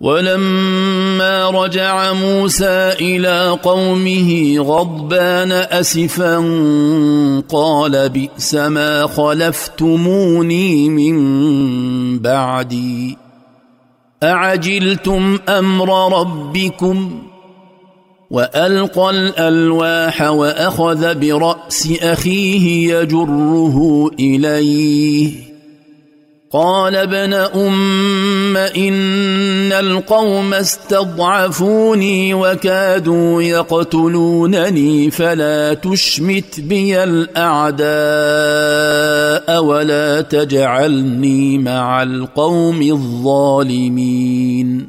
ولما رجع موسى الى قومه غضبان اسفا قال بئس ما خلفتموني من بعدي اعجلتم امر ربكم والقى الالواح واخذ براس اخيه يجره اليه قال ابن ام ان القوم استضعفوني وكادوا يقتلونني فلا تشمت بي الاعداء ولا تجعلني مع القوم الظالمين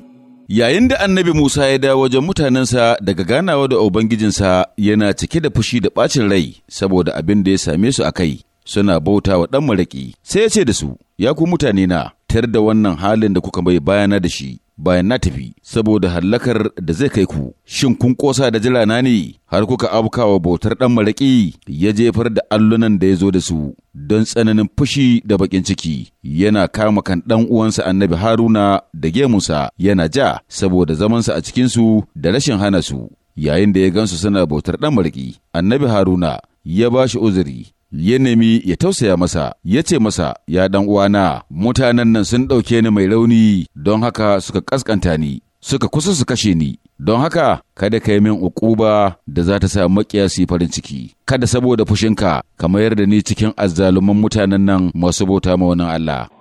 yayin da annabi Musa ya dawo wajen mutanensa daga ganawa da Ubangijinsa yana cike da fushi da ɓacin rai saboda abin da ya same su a kai. suna bauta wa ɗan maraƙi sai ya ce da su ya ku mutane na tar da wannan halin da kuka bai bayana da shi bayan na tafi saboda hallakar da zai kai ku shin kun ƙosa da jirana ne har kuka wa bautar ɗan maraƙi ya jefar da allunan da ya zo da su don tsananin fushi da baƙin ciki yana kama kan ɗan uwansa annabi haruna da gemunsa yana ja saboda zamansa a cikinsu da rashin hana su yayin da ya gansu suna bautar ɗan maraƙi annabi haruna ya ba shi uzuri ya nemi ya tausaya masa ya ce masa ya dan uwana mutanen nan sun ɗauke ni mai rauni don haka suka ƙasƙanta ni suka kusa su kashe ni don haka kada ka yi min uquba da za ta sa yi farin ciki kada saboda fushinka ka mayar da ni cikin azzaluman mutanen nan masu bauta ma wannan Allah